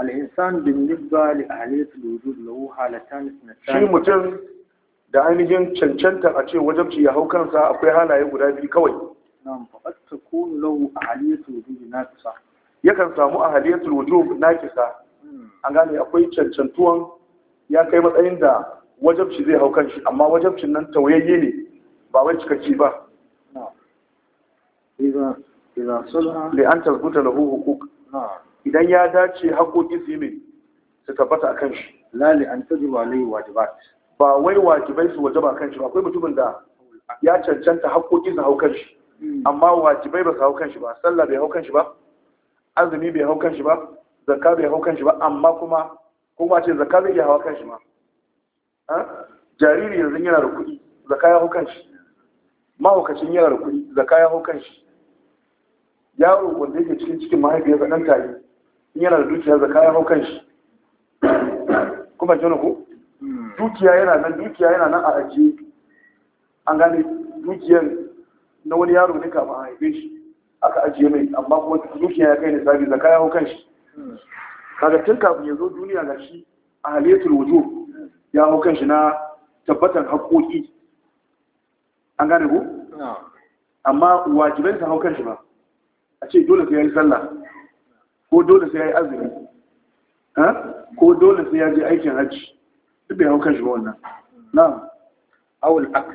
al'insan بالنسبة لأهلية الوجود له حالتان اثنتان shi mutum da ainihin cancanta a ce wajabci ya hau kansa akwai halaye guda biyu kawai nan faqad takunu lahu ahliyatul wujud naqisa yakan samu ahliyatul wujud naqisa hmm. an gane akwai cancantuwan ya kai matsayin da wajabci zai hau kanshi amma wajabcin nan tauyayye ne ba wai cikakki ba idan idan sulha li an tazbuta lahu huquq na'am idan ya dace haƙoƙi su yi su tabbata a kan shi lali an ta zuwa lai wajibat ba wai wajibai su wajaba kan shi ba akwai mutumin da ya cancanta haƙoƙi su hau kan shi hmm. amma wajibai ba su hau kan shi ba sallah bai hau kan shi ba azumi bai hau kan shi ba zakka bai hau kan shi ba amma kuma kuma ce zakka bai iya hawa kan shi ma jariri yanzu yana da kuɗi zakka ya hau kan shi mahaukacin yana da kuɗi zakka ya hau kan shi yaro wanda yake cikin cikin mahaifiyarsa ɗan tare yana da dukiya da kayan hau kan shi kuma ce ko dukiya yana nan dukiya yana nan a ajiye an gane dukiyar na wani yaro ne kama a haife shi aka ajiye mai amma kuma dukiya ya kai ne sabi da kayan hau kan shi hmm. kaga tun kafin ya zo duniya ga shi a halittar wujo ya hau kan shi na tabbatar haƙoƙi an gane ko amma wajibai ta hau kan shi ba a ce dole ka yi sallah ko dole sai ya yi azumi ko dole sai ya je aikin hajji duk bai hau kanshi wannan na awul ak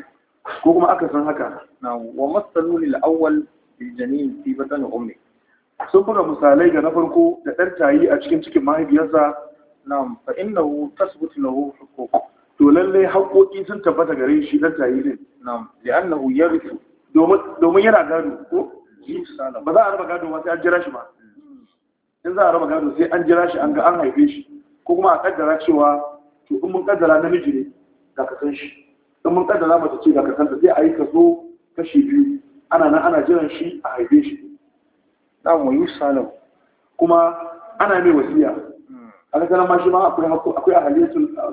ko kuma aka san haka na wa masalu lil awwal bil janin fi batni ummi sun buga misalai ga na farko da ɗan tayi a cikin cikin mahaifiyarsa na fa innahu tasbutu lahu huquq to lallai haƙoƙi sun tabbata gare shi ɗan tayi din na li'annahu yarithu domin yana gado ko ba za a raba gado ba sai an jira shi ba in za a raba gado sai an jira shi an ga an haife shi ko kuma a kaddara cewa to in mun kaddara namiji ne ga kasan shi in mun kaddara mace ce ga kasan ta sai a yi kaso kashi biyu ana nan ana jiran shi a haife shi mu yi salam kuma ana mai wasiya ga hmm. kana ma shi ma akwai akwai ahaliyatul ah,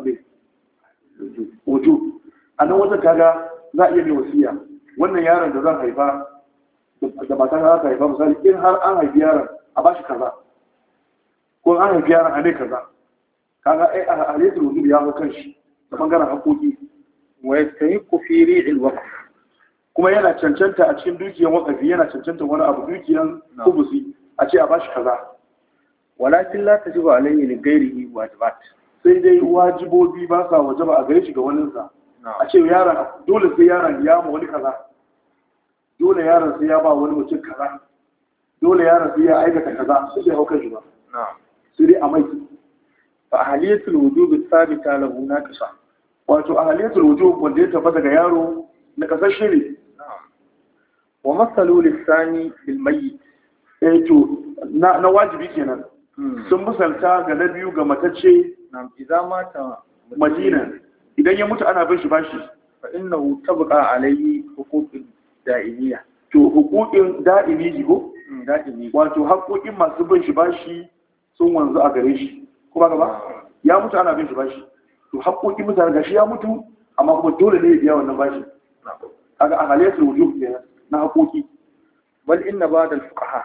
wato a nan wata kaga za a iya mai wasiya wannan yaron da zan haifa da matan za ta haifa misali in har an haifi yaron a ba shi kaza ko an haifi yaran a ne kaza kaga ai a halittar wuzur ya hau kanshi da bangaren hakoki wa ya sayi kufiri ilwakaf kuma yana cancanta a cikin dukiyar wakafi yana cancanta wani abu dukiyar kubusi a ce a bashi kaza walakin la tajibu alayhi li ghairihi wajibat sai dai wajibobi ba sa wajaba a gare shi ga wani sa a ce yaran dole sai yaran ya ma wani kaza dole yaran sai ya ba wani mutum kaza dole yaran sai ya aikata kaza sai ya hauka shi ba sai a mai fa ahliyatul wujub sabita lahu naqisa wato ahliyatul wujub wanda ya tabbata ga yaro na kasar shiri wa masalu lisani bil mayyit eh to na wajibi kenan hmm. sun misalta ga na biyu ga matacce idza mata madina idan ya mutu ana bin shi bashi fa innahu tabqa alayhi huququl da'imiyya to huquqin da'imi ko hmm, da'imi wato hakokin masu bin shi bashi sun wanzu a gare shi kuma gaba ya mutu ana bin shi bashi to haƙoƙin mutane shi ya mutu amma kuma dole ne ya biya wannan bashi kaga a halayatul wujub ne na haƙoƙi bal inna ba'da al-fuqaha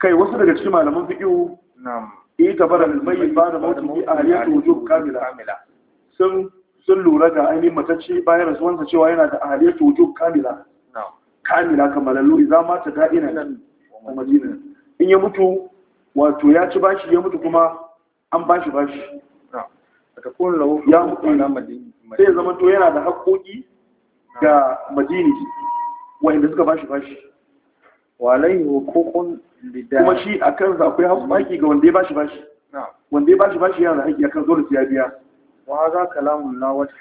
kai wasu daga cikin malaman fiqh na'am itabara al-mayyit ba'da mawtihi ahliyatul wujub kamila sun sun lura da ainihin matacce bayan rasuwansa cewa yana da ahaliyyar wujub kamila kamila lori kamalallu idza mata da'ina wa madina in ya mutu wato ya ci bashi ya mutu kuma an bashi bashi ya mutu sai ya zama to yana da haƙoƙi ga madini wanda suka bashi bashi walai hukukun kuma shi a kansa akwai haƙoƙi ga wanda ya bashi bashi wanda ya bashi bashi yana da haƙi akan zo da siya biya wa za kalamun na wata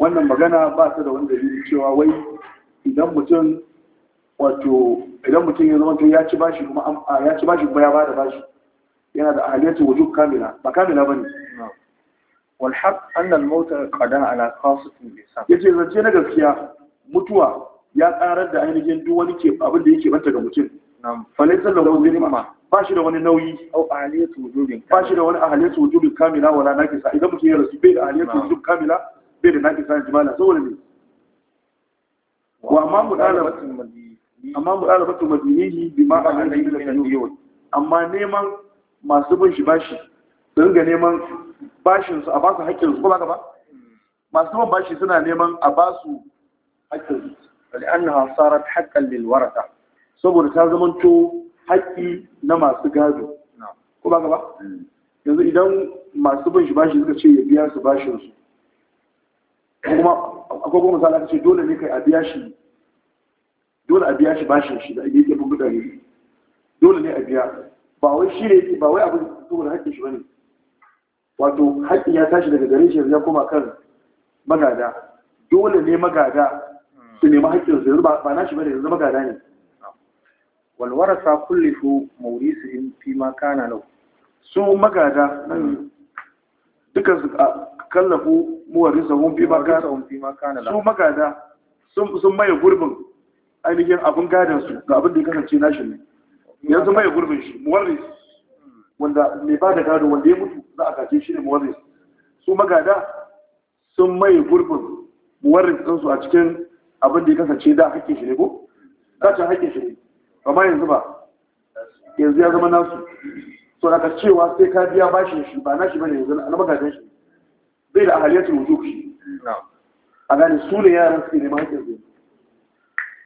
wannan magana ba ta da wani dalili cewa wai idan mutum wato idan mutum ya zama ya ci bashi kuma ya ci bashi kuma ya bada bashi yana da ahaliyatu wujub kamila ba kamila bane wal haq anna al maut qada ala qasatin lisan yace zance na gaskiya mutuwa ya karar da ainihin duk wani ke abin da yake banta ga mutum nam falaysa lahu zirima ba shi da wani nauyi au wujubin ba shi da wani ahaliyatu wujubin kamila wala nakisa idan mutum ya rasu bai da ahaliyatu wujub kamila bai da na jimala saboda ne wa ma mudalabatin madi amma batu madinihi bi ma alayhi yin da kaniyun amma neman masu bin shi bashi su ringa neman bashin su a basu haƙƙin su ko ba masu bin bashi suna neman a ba su haƙƙin su li'annaha sarat ta lil lilwarata saboda ta zamanto haƙƙi na masu gado ko ba ba mm. yanzu idan masu bin shi bashi suka ce ya biya su bashin su kuma akwai kuma misali ka ce dole ne kai a biya shi dole a biya shi bashin shi da ake yake bin mutane dole ne a biya ba wai shi ne ba wai abin da haƙƙin shi bane wato haƙƙin ya tashi daga gare shi ya koma kan magada dole ne magada su nemi haƙƙin su ba na shi bane yanzu magada ne su mauri su mawrisihim fi ma kana lahu su magada nan dukkan su kallafu muwarrisahum fi ma kana su magada sun maye gurbin ainihin abin gadon su ga abin da ya kasance nashi ne yanzu mai gurbin shi muwarris wanda mai ba da gado wanda ya mutu za a gaje shi ne muwarris su magada sun mai gurbin muwarris ɗansu a cikin abin da ya kasance da hakkin shi ne ko ta hakkin shi ne amma yanzu ba yanzu ya zama nasu to na cewa sai ka biya bashin shi ba nashi bane yanzu na magadan shi bai da ahaliyatul wujub shi a gane su ne yaran suke neman hakkin su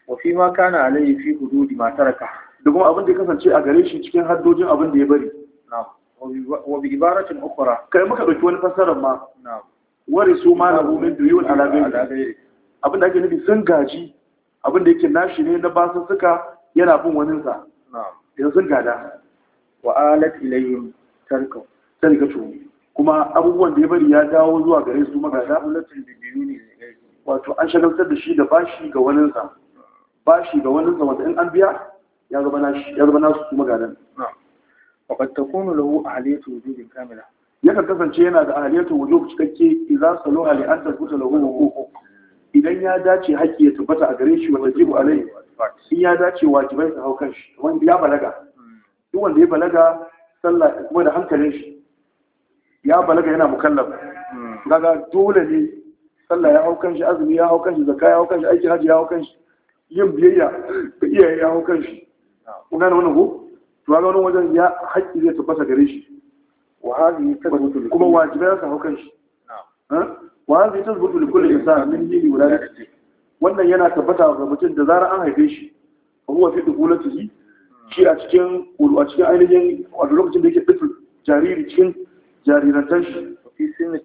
wa fi ma kana alayhi fi hududi ma taraka da kuma abin da ya kasance a gare shi cikin haddojin abin da ya bari na'am wa bi ibaratin ukhra kai muka dauki wani fasara ma na'am warisu ma lahu min duyun ala gairi abin da ake nufi sun gaji abin da yake nashi ne na basu suka yana bin wani sa na'am yanzu sun gada wa alat ilayhim tarka tarkatu kuma abubuwan da ya bari ya dawo zuwa gare su magada wato an shagaltar da shi da bashi ga waninsa bashi ga wannan sa wanda in an biya ya zama nashi ya nasu kuma gadan wa qad takunu lahu ahliyatu wujubin kamila yakan kasance yana da ahliyatu wujub cikakke idza su li an tafuta lahu huquq idan ya dace haƙƙi ya tabbata a gare shi wa tajibu alai in ya dace wajibai su hau kanshi wanda ya balaga duk wanda ya balaga sallah kuma da hankalin shi ya balaga yana mukallaf hmm. kaga dole ne sallah ya hau kanshi azumi ya hau kanshi zakka ya hau kanshi aiki hajji ya hau kanshi yin biyayya ga iyaye ya hau kan shi kun gane wannan ko to ga wannan wajen ya haƙƙi zai tabbata gare shi wa hadhihi tazbutu kuma wajibai su hau kan shi wa ta zubutu li kulli insan min hili ne wannan yana tabbata ga mutum da zarar an haife shi fa huwa fi dukulatihi hmm. shi a cikin a cikin ainihin a lokacin da yake fitul jariri cikin jarirantar shi fi sinni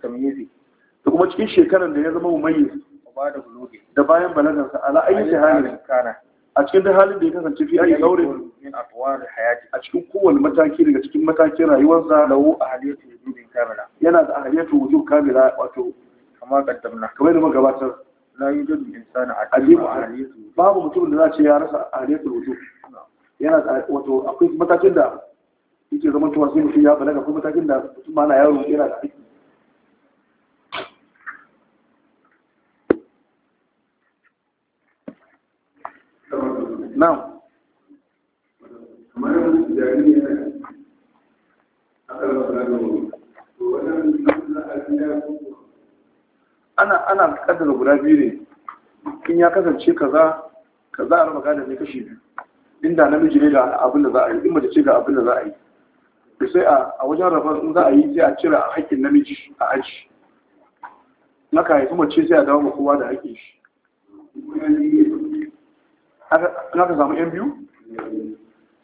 da kuma cikin shekarar da ya zama mu mumayyiz da da bayan balagansa ala ayi halin kana a cikin da halin da ya kasance fi ayi gaure min atwar hayati a cikin kowane mataki daga cikin matakin rayuwarsa wu ahliyatu wujubin kamila yana da ahliyatu wujud kamila wato kama kaddamna kamar da magabatar la yujadu insana aqimu ahliyatu babu mutum da zai ce ya rasa ahliyatu wujud yana da wato akwai matakin da yake zaman tuwa sai mutum ya balaga akwai matakin da mutum ma na yaro yana da aiki na'am kamar jari ne ana ana kaddara guda biyu ne in ya kasance kaza kaza a raba gada ne kashi biyu inda namiji ne ga abin da za a yi in mace ce ga abin da za a yi da sai a wajen rabar in za a yi sai a cire a haƙƙin namiji a aji na kayi kuma ce sai a dawo ma kowa da haƙƙin shi na ka samu yan biyu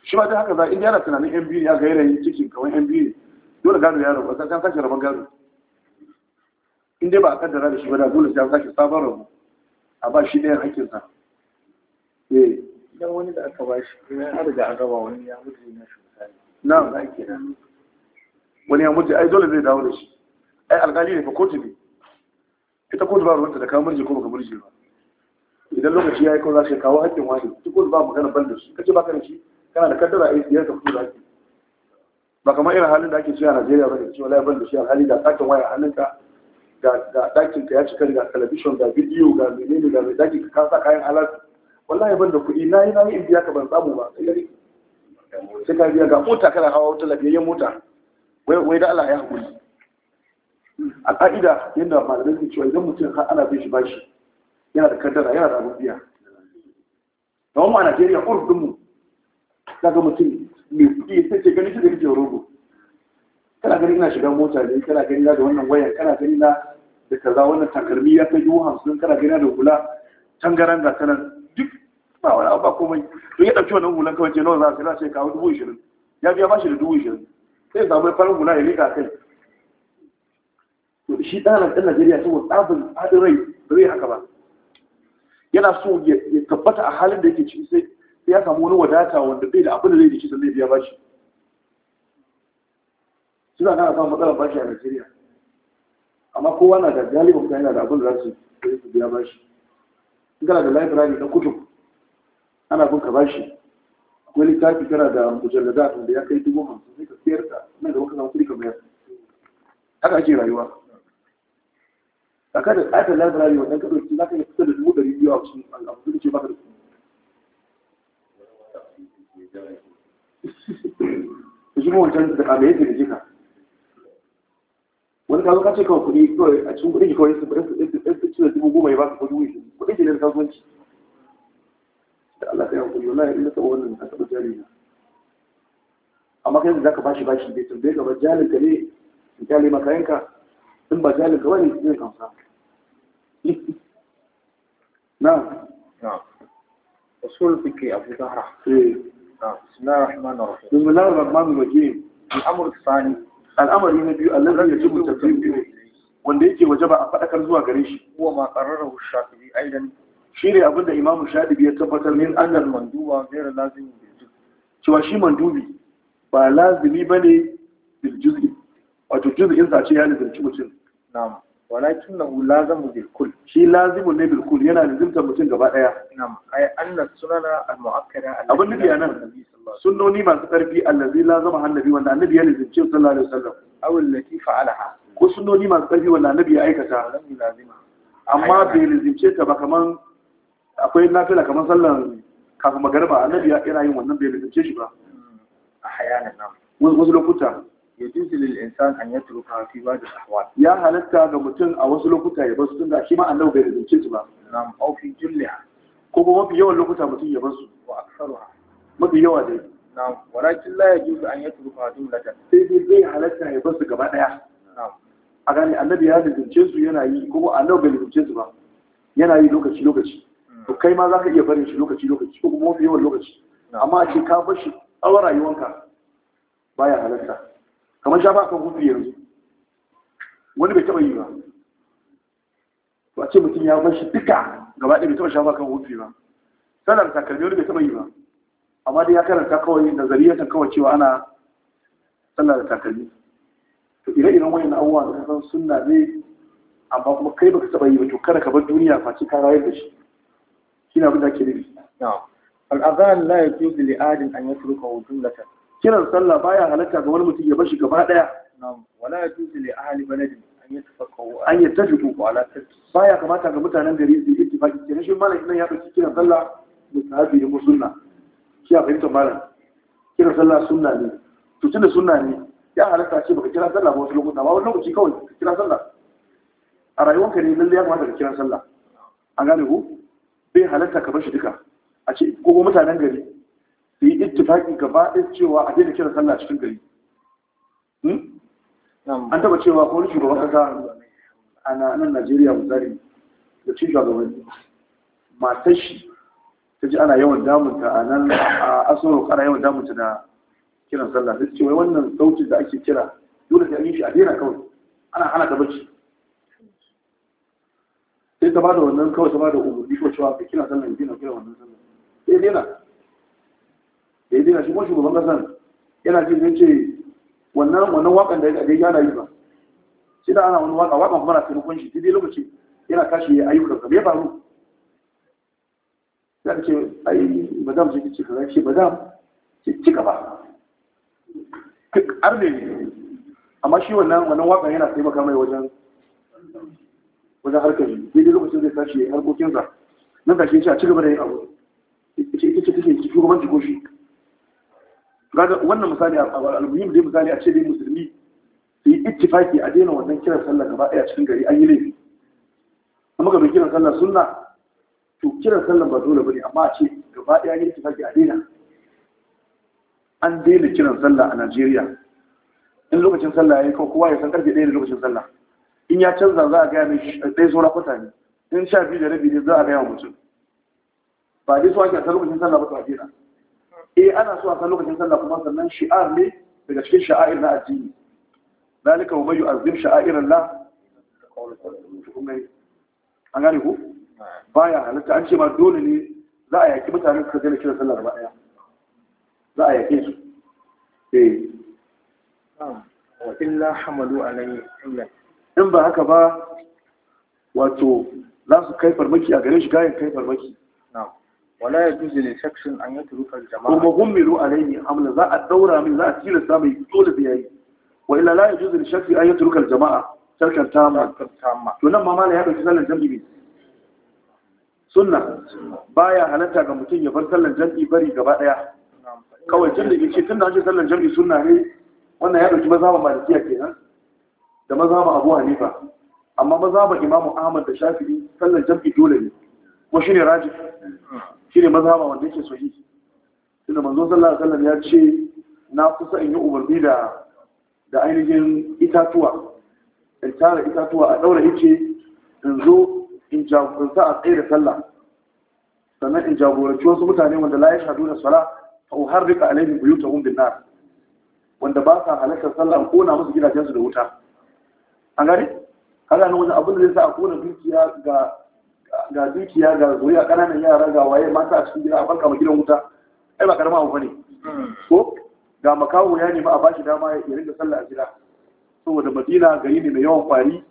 shi ma ta haka za inda yana tunanin yan biyu ya ga yanayin cikin kawai yan biyu dole gado ya rabu sai an sake rabon gado in dai ba a kaddara da shi ba da dole sai an sake sabon rabu a ba shi ɗayan hakkinsa eh dan wani da aka ba shi idan an riga an raba wani ya mutu na shi misali na za ke nan wani ya mutu ai dole zai dawo da shi ai alƙali ne fa kotu ne ita kotu ba ruwanta da ka murje ko baka idan lokaci ya yi kawo za shi kawo haƙƙin wani duk ba magana ban da shi kace ba kana shi kana da kaddara a yi ka fito da haƙƙi ba kamar irin halin da ake ci a Najeriya ba da cewa lai ban da shi hali da ɗakin waya hannun ka ga ɗakin ka ya cika da talabishin ga bidiyo ga menene ga mai ɗakin ka sa kayan halal wallahi ban da kuɗi na yi na yi in biya ka ban samu ba sai ka biya ga mota kana hawa wata lafiyayyen mota wai da Allah ya haƙuri a ƙa'ida yadda malamai ke cewa idan mutum ana bin shi bashi yana da kaddara yana da abin biya da mu a najeriya Ta daga mutum mai kuɗi sai ce ganin shi da kake rogo kana gani na shiga mota ne kana gani na da wannan wayan kana gani na da kaza wannan takarmi ya kai dubu hamsin kana gani na da hula tangaran ga sanan duk ba wani abu ba komai to ya ɗauki wannan hulan kawai ce nawa za a na ce kawo dubu ishirin ya biya ba shi da dubu ishirin sai samu farin hula ya rika kai to shi ɗanan ɗan najeriya saboda tsabin haɗin rai ba zai haka ba yana so ya tabbata a halin da yake ciki sai ya samu wani wadata wanda bai da abin da zai da shi da zai biya bashi suna kana samun matsalar bashi a Najeriya amma kowa na da galiba mutane yana da abin da za su su biya bashi in kana da library na kutub ana bin ka bashi akwai littafi kana da mujallada da ya kai dubu hamsin sai ka siyar da nan da wata samu kuɗi ka bayar haka ake rayuwa a kada tsakar library wannan ka ɗauki za ka iya fitar da dubu da yawa cikin al'abu da ce ba da kuma wancan da wani kazo ka ce kawai kuɗi kawai a cikin kuɗin kawai su bari su cire dubu goma ya baka kuɗi kuɗin ki ne da kasuwanci da Allah ka yi hankali wallahi in na taɓa wannan ka taɓa jari na amma kai za ka bashi bashi bai tambaye ka ba jalin ka ne in kyale maka yanka in ba jalin ka ba ne zai kamsa نعم نعم أصول الفقه أبو زهرة نعم بسم الله الرحمن الرحيم بسم الله الرحمن الرحيم الأمر الثاني الأمر النبي الذي يجب التكليم به wanda yake wajaba a faɗakar zuwa gare shi Kuwa ma qarrarahu shafi'i aidan shi ne abinda Imamu shafi'i ya tabbatar min annal Manduwa ghayra lazim bil cewa shi mandubi ba lazimi bane bil juz'i wato juz'in in ce ya lazimci mutum na'am walakin lahu lazamu bil kul shi lazimu ne bilkul. yana lazimta mutum gaba daya na'am ay anna sunana al muakkada abin nufi anan sunnoni masu karfi allazi lazama annabi wanda annabi ya lazimce sallallahu alaihi wasallam aw allati fa'alaha ko sunnoni masu karfi wanda annabi ya aikata amma bai lazimce ta ba kaman akwai nafila kaman sallan kafin magariba annabi yana yin wannan bai lazimce shi ba hmm. a hayanan wasu lokuta yajuzu lil insan an yatruka fi wadi ahwal ya halatta ga mutum a wasu lokuta ya basu tunda shi ma annabi bai rubuce su ba nam aw fi julliha ko kuma mafi yawan lokuta mutum ya basu wa aksaru mafi yawa dai nam walakin la yajuzu an yatruka jumlatan sai dai bai halatta ya basu gaba daya nam a gani annabi ya rubuce su yana yi kuma annabi bai rubuce su ba yana yi lokaci lokaci to kai ma za ka iya barin shi lokaci lokaci ko kuma mafi yawan lokaci amma a ce ka bar shi a rayuwanka baya halatta. kamar shafa kan hutu yanzu wani bai taɓa yi ba to a ce mutum ya bar duka gaba ɗaya bai taɓa shafa kan hutu ba sanar takalmi wani bai taɓa yi ba amma dai ya karanta kawai ta kawai cewa ana sanar da takalmi to ire-iren wayan abubuwa da kasan sunna ne amma kuma kai baka taɓa yi ba to kada ka bar duniya face ka rayar da shi shine abin da ake nufi na'am ya adhan li'adin an yi adin an da jumlatan kiran sallah baya halatta ga wani mutum ya bashi gaba daya wala yajuzu li ahli baladin an yatafaqahu an ko ala tarki baya kamata ga mutanen gari su tafaki kenan shi malam idan ya dauki kiran sallah musahabi ne da sunna shi a fahimtar malam kiran sallah sunna ne to tunda sunna ne ya halatta ce baka kira sallah ba wasu lokuta ba wani lokaci kawai ka kira sallah a rayuwarka ne lalle ya kamata ka kira sallah an gane ku bai halatta ka bashi duka a ce ko mutanen gari su yi ittifaki gaba ɗin cewa a daina kira sallah cikin gari hmm? an taba cewa ko wani shugaban ƙasa a nan najeriya misali da cikin shugaban matar shi ta ji ana yawan damunta a nan a asoro ƙara yawan damunta da kiran sallah da ce wai wannan sautin da ake kira dole sai an yi shi a daina kawai ana hana ta bacci sai ta bada wannan kawai ta bada umarni ko cewa ka kira sallah ka kira wannan sallah sai daina da na daina shi kuma shugaban kasan yana jin zai ce wannan wannan wakan da ya yana yi ba sai da ana wani waka wakan kuma na taimakon shi daidai lokaci yana kashi ya ayyukan sa me ya faru za ce ai madam sai ce kaza ce madam ce cika ba arne ne amma shi wannan wannan wakan yana taimaka mai wajen wajen harkar shi daidai lokacin zai tashi harkokinsa nan da shi a ci gaba da yin abu ita ce take shugabanci ko shi kaga wannan misali al-muhim dai misali a ce dai musulmi su yi ittifaki a daina wannan kiran sallah gaba ɗaya cikin gari an yi laifi amma ga kiran sallah sunna to kiran sallah ba dole bane amma a ce gaba ɗaya yi ittifaki a daina an daina kiran sallah a Najeriya in lokacin sallah ya yi kawai kowa ya san karfe ɗaya da lokacin sallah in ya canza za a gaya mai eh, ɗaya saura kwata ne in sha biyu da rabi ne za a gaya wa mutum ba dai so ake a lokacin sallah ba ta a daina eh ana so a lokacin sallah kuma sannan shi'ar ne daga cikin sha'air na addini zalika wa mayu azim sha'air Allah an gane ku baya halatta an ce ma dole ne za a yaki mutane suka daina kira sallah gaba za a yake su eh wa illa hamalu alayhi in ba haka ba wato za su kai farmaki a garin shi gayan kai farmaki wala ya juzu ne shakshin an yadda rufar jama'a kuma gummiru a raini amla za a daura min za a tilasta mai dole da yayi wa illa la ya juzu ne shakshin an yadda rufar jama'a sarkar tamma to nan ma mala ya ɗauki sallar jam'i sunna baya halatta ga mutum ya bar sallar jam'i bari gaba ɗaya kawai tun da yake tun da ake sallar jam'i sunna ne wannan ya ɗauki maza ba malikiya kenan da maza ba abu hanifa amma maza ba imamu ahmad da shafi'i sallar jam'i dole ne ko shi ne raji shi ne mazhaba wanda yake sahihi tunda manzo sallallahu alaihi wasallam ya ce na kusa in yi umarni da da ainihin itatuwa in tara itatuwa a daura yake in zo in jagoranta a tsaye da sallah sannan in jagoranci wasu mutane wanda la ya shahadu da sala fa uharrika alaihim buyutahum bin nar wanda ba sa halartar sallah an kona musu gidajensu da wuta an gane kaga nan wani abin da zai sa a kona dukiya ga ga dukiya ga zuriya kananan yara ga waye mata a cikin gida a farka ma gidan wuta ai ba karama abu ne ko ga makaho ya nema a bashi dama ya rinka sallah a gida saboda madina gari ne mai yawan kwari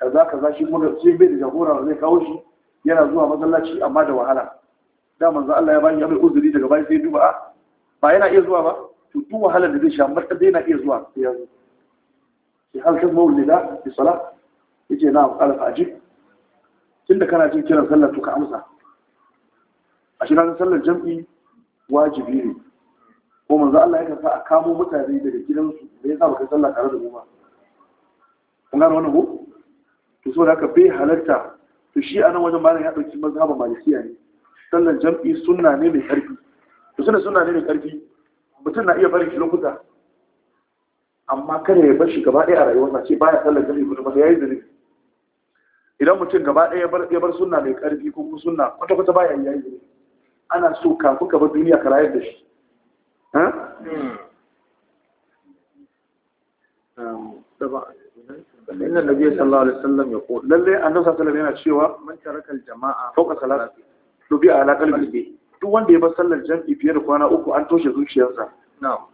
kaza kaza shi kuma bai da jagora zai kawo shi yana zuwa masallaci amma da wahala da manzo Allah ya bani abin uzuri daga bayan sai duba ah, ba yana iya zuwa ba to duk wahalar da zai sha amma dai yana iya zuwa sai ya zo sai halkan mawlida bi salat yace na alfajir tun da kana jin kiran sallar to ka amsa a shi ranar sallar jam'i wajibi ne ko manzo Allah ya sa a kamo mutane daga gidansu da ya sa baka sallah tare da mu ba kun gano wannan ko to saboda haka bai halarta to shi a nan wajen malam ya dauki mazhaban malikiya ne sallar jam'i sunna ne mai ƙarfi? to suna sunna ne mai ƙarfi? mutum na iya barin shi lokuta amma kada ya bar shi gaba ɗaya a rayuwarsa ce baya sallar jam'i kuma ya yi zunubi idan mutum gaba ɗaya ya bar suna mai ƙarfi ko kuma suna kwata-kwata baya yi yayi ana so kafin ka bar duniya ka rayar da shi inna nabi sallallahu alaihi wasallam ya ko lalle annabi sallallahu yana cewa man taraka jama'a fawqa salati dubi ala qalbi duk wanda ya bar sallar jam'i fiye da kwana uku an toshe zuciyarsa na'am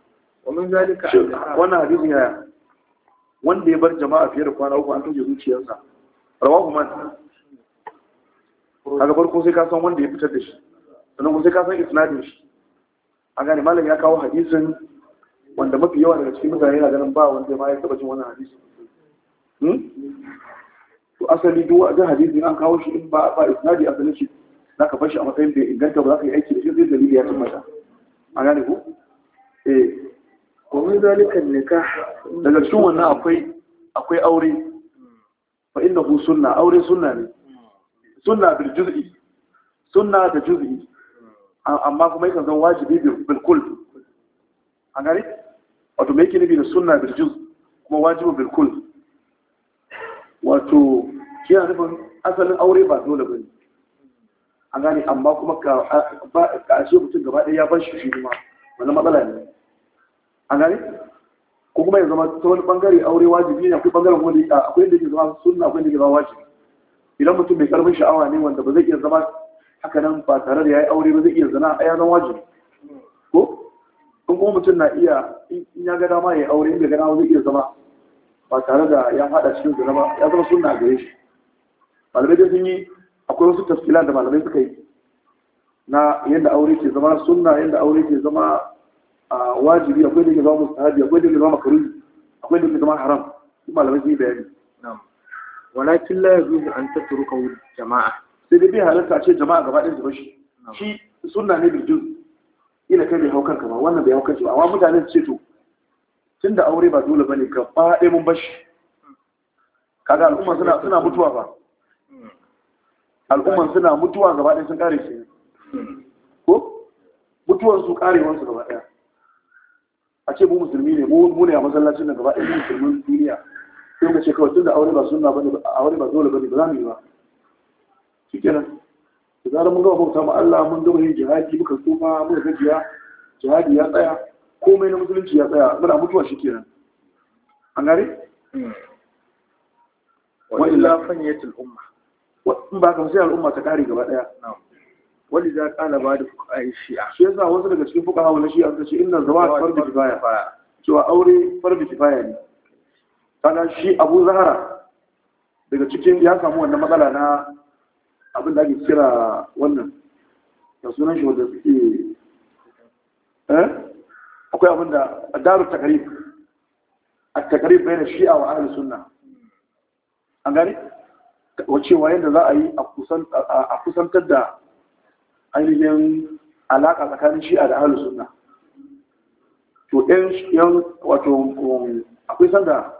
wa min zalika wannan hadisi ya wanda ya bar jama'a fiye da kwana uku an toshe zuciyarsa rawahu man kaga farko sai ka san wanda ya fitar da shi sannan kuma sai ka san isnadin shi an gane malam ya kawo hadisin wanda mafi yawa daga cikin mutane yana ganin ba wanda ma ya taba jin wannan hadisi hmm? to asali duk wajen hadisi an kawo shi in ba ba isnadi asali shi zaka bar shi a matsayin bai inganta ba za ka yi aiki da shi zai dalili ya tabbata an gane ku eh wa min zalika nikah daga cikin wannan akwai akwai aure fa innahu sunna aure sunna ne sunna bil juz'i sunna da juz'i amma kuma yakan zan wajibi bil kull an gani wato meke ne bi da sunna bil juz kuma wajibi bil kull wato yana nufin asalin aure ba dole bane an gane amma kuma ka ashe mutum gaba ɗaya ya bar shi shi kuma wani matsala ne an gane ko kuma ya zama ta wani bangare aure wajibi ne akwai bangaren kuma da akwai inda ke zama sunna akwai inda ke zama wajibi idan mutum mai karfin sha'awa ne wanda ba zai iya zama haka nan ba tare da ya yi aure ba zai iya zana a yanar wajibi ko in kuma mutum na iya in ya ga dama ya yi aure in bai ga dama zai iya zama ba tare da ya hada cikin zana ba ya zama sunna gare shi malamai dai sun yi akwai wasu tafsila da malamai suka yi na yadda aure ke zama sunna yadda aure ke zama wajibi akwai da ke zama mustahabi akwai da ke zama makaruni akwai da ke zama haram duk malamai sun yi bayani walakin la yajuzu an tatruka jama'a sai dai bai halarta a ce jama'a gaba ɗaya su bashi shi sunna ne Birjin. Ina kai bai hau kanka ba wannan bai haukar kanka ba amma mutane su ce to Tun da aure ba dole bane ka ba ɗaya mun bashi kaga al'umma suna suna mutuwa ba al'umman suna mutuwa gaba ɗaya sun kare shi ko mutuwar su karewar su gaba ɗaya a ce mu musulmi ne mu ne a masallacin da gaba ɗaya musulmin duniya sai ka ce kawai tun da aure ba sunna bane aure ba dole bane ba za mu yi ba shikenan da zarar mun gama bauta ma Allah mun gama yin jihadi muka tsufa muka gajiya jihadi ya tsaya komai na musulunci ya tsaya muna mutuwa shi kenan. an gare wa illa fanyatul umma wa in ba ka sai al'umma ta kare gaba daya na'am wani za kala ba da fuka shi'a shi yasa wasu daga cikin fuka hawa na shi'a suka ce inna zama a fardu kifaya cewa aure fardu kifaya ne kana shi abu zahara daga cikin ya samu wannan matsala na abin da ake kira wannan da sunan shi wanda suke eh akwai abin da daru takarif a takarib bayan shi a ahlus suna. an gani wacewa yadda za a yi a kusantar da ainihin alaƙa tsakanin shi'a da ahalus sunna to ɗin yan wato um, akwai sanda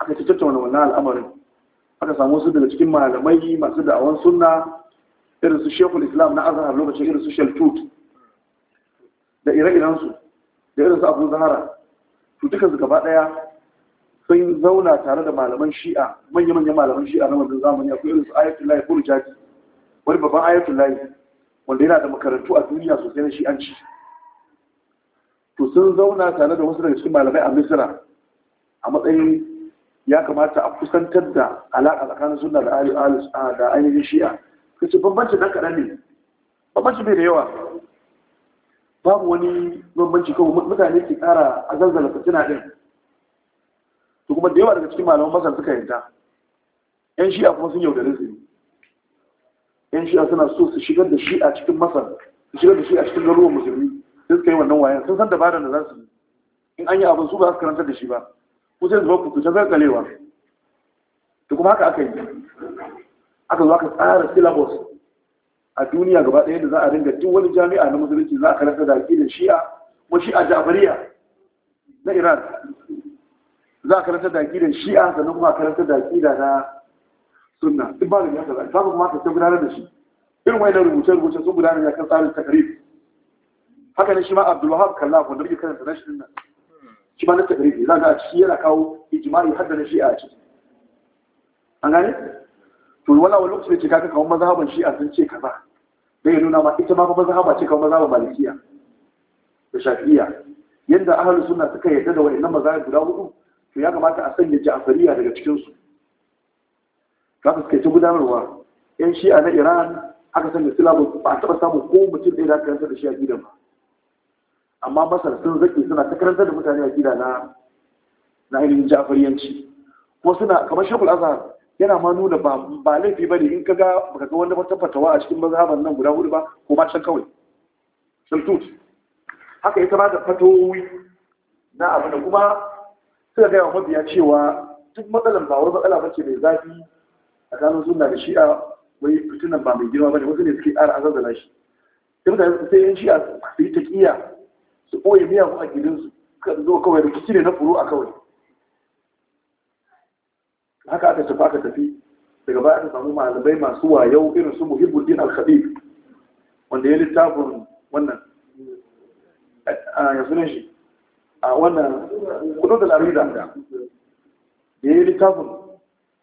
aka ci tattauna wannan al'amarin aka samu wasu daga cikin malamai masu da'awan sunna irin su shekul islam na azahar lokacin irin su tut da ire-irensu da irin su abu zahara su duka su gaba ɗaya sun zauna tare da malaman shi'a manya-manyan malaman shi'a na wanzan zamani akwai irin su ayatul ko jaji wani babban ayatul wanda yana da makarantu a duniya sosai na shi'anci to sun zauna tare da wasu daga cikin malamai a misira a matsayin ya kamata a kusantar da alaƙa tsakanin suna da ah, da ainihin shi'a ce bambanci ɗan kaɗan ne bambanci bai da yawa babu wani bambanci kawo mutane ke ƙara a zanzala fitina ɗin to kuma da yawa daga cikin malaman masar suka yanta yan shi'a kuma sun yaudare su yan shi'a suna so su shigar da shi a cikin masar su shigar da shi a cikin garuruwan musulmi sai suka yi wannan wayan sun san dabarar da za su yi in an yi abin su ba su karanta da shi ba ku sai zuwa ku kuta zarkalewa da kuma haka aka yi aka zo aka tsara syllabus a duniya gaba ɗaya da za a ringa duk wani jami'a na musulunci za a karanta da aƙidar shi'a kuma shi'a jabariya na iran za a karanta da aƙidar shi'a sannan kuma a karanta da aƙida na sunna duk ba da ya kaza ta kuma ka gudanar da shi irin wayannan rubuce rubuce sun gudanar da kan tsarin takarif. haka ne shi ma Abdul Wahab Kallaf wanda yake karanta nashi din nan shi ma na takrib za ga shi yana kawo ijma'i hadda na shi'a a ciki an gane to wala wani lokaci ce kaka kawo mazhaban shi'a sun ce kaza dan ya nuna ma ita ma mazhaba ce kawo mazhaban malikiya da shafi'iyya yadda ahalus sunna suka yarda da wayannan mazahib guda hudu to ya kamata a sanya ja'fariya daga cikin su za ka kai ta gudanarwa yan shi'a na iran aka sanya da ba a taɓa samun ko mutum ɗaya da aka karanta da shi a gida ba amma masar sun zaki suna ta karanta da mutane a gida na na ainihin jafariyanci kuma suna kamar shekul azhar yana ma nuna ba laifi ba ne in ka ga ka ga wanda wata fatawa a cikin mazhaban nan guda hudu ba ko ma can kawai shaltut haka ita ma da fatawowi na abu da kuma suka gaya wa mabiya cewa duk matsalan ba wani matsala ce mai zafi tsakanin suna da shi'a wai fitinan ba mai girma ne wasu ne suke ƙara azazzala shi sai mutane sai yin shi'a su yi taƙiya su ɓoye miyagun gidansu ka zo kawai rikici ne na furu a kawai haka aka tafi aka tafi daga baya aka samu malamai masu wayau irin su muhibbuddin al-khabib wanda ya littafin wannan a yanzu ne shi a wannan kudu da larida da ya yi littafin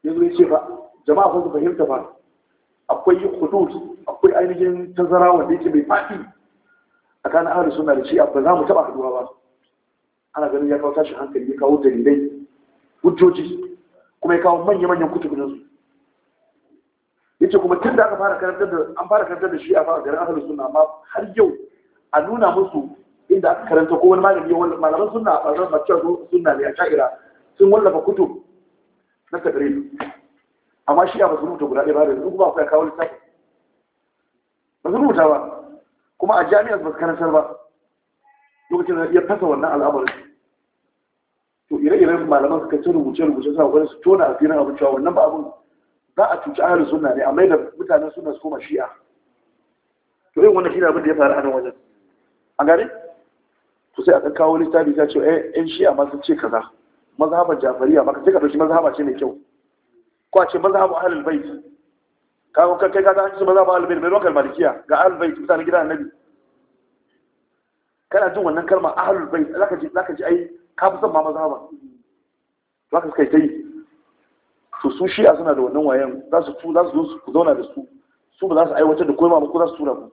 ya zo ya ce ba jama'a kuma su fahimta ba akwai hudud akwai ainihin tazara wanda yake mai faɗi a kan ahli suna da shi ba za mu taɓa haduwa ba ana ganin ya kawo tashin hankali ya kawo dalilai hujjoji kuma ya kawo manya-manyan kutubin su yace kuma tun da aka fara karantar da an fara karantar da shi a fara garin ahli suna amma har yau a nuna musu inda aka karanta ko wani malami ya wallafa malaman sunna a ɓarar maciyar sunna ne a sha'ira sun wallafa kutub na tadrib amma shi ya basu rubuta guda ɗaya ba da ba kuma akwai kawo littafi Basu rubuta ba kuma a jami'ar basu su karantar ba lokacin da ya fasa wannan al'amarin to ire-iren malaman suka ci rubuce-rubuce suna gwada su tona a filin abin cewa wannan ba abin za a cuci ahalin sunna ne amma da mutanen suna su koma shi'a to yin wannan shine abin da ya faru a nan wajen a gane to sai a ɗan kawo littafi ta ce eh yan shi'a ma sun ce kaza mazhaban jafariya ma ka sai ka ɗauki mazhaba ce mai kyau ko a ce mazhabu ahlul bait ka ko kai ka san su mazhabu ahlul bait bai lokal malikiya ga ahlul bait mutanen gidan annabi kana jin wannan kalma ahlul bait zaka ji zaka ji ai ka fi son ma mazhaban zaka kai tai to su shi'a suna da wannan wayan za su tu za su ku zauna da su su ba za su aiwatar da komai ba ko za su tura ku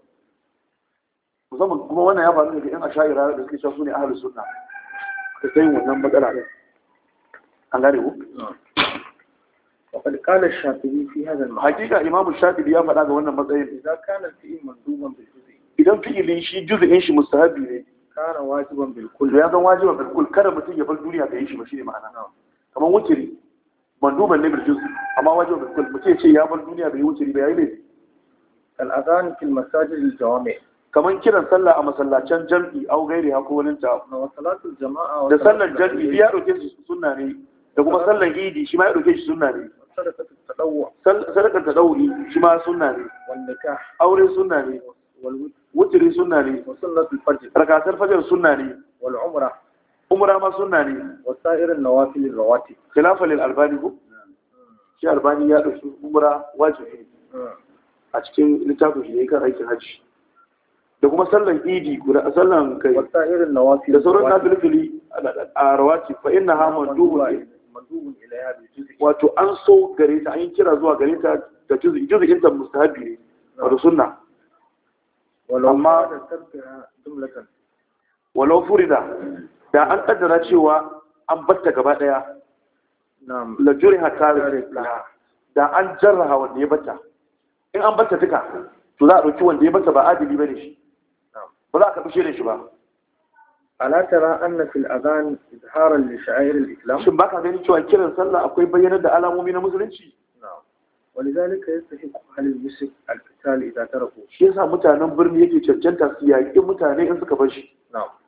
musamman kuma wannan ya faru daga yan asha'ira da suke cewa su ne ahlus sunna ka sai wannan matsala din an gane ku وقد قال الشاطبي في هذا المعنى wannan إمام الشاطبي يا فلاك وانا مطعين shi كان الفئل مندوبا بالجزء إذا فئل شيء جزء إنشي مستهبي لي كان واجبا بالكل يا كان واجبا بالكل كان متين يبال دولي هذا إنشي مشيني معنا كما وتري مندوبا لي بالجزء أما واجبا بالكل متين شيء يبال دولي هذا بيعي لي في المساجد الجوامع kamar kiran sallah a masallacen jam'i au gairi ta da sallar jam'i ya ɗauke shi sunna ne da kuma sallar idi shi ma ya ɗauke shi sunna ne sadakar tadawuri shi ma suna ne aure suna ne wutiri suna ne rakatar fajar suna ne umra ma suna ne wasa'irin nawafilin rawati lil albani ko shi albani ya ɗauki umra wajibi a cikin littafin shi ne kan aikin hajji da kuma sallan idi guda sallan kai da sauran nafilfili a rawati fa inna ha mandubu wato an so gare ta an yi kira zuwa gare ta da juzu'i juzu'in ta mustahabi ne wato sunna amma walau furida da an kaddara cewa an batta gaba daya la juriha tarif da an jarraha wanda ya batta in an batta duka to za a dauki wanda ya batta ba adili bane shi ba za a karbi shi da shi ba ala tara anna fil adhan izharan islam shin baka gani cewa kiran sallah akwai bayyanar da alamomi na musulunci ولذلك يستحق أهل المشرك القتال إذا تركوا شيء يسا mutanen birni yake cancanta su yaƙi mutane in suka bar shi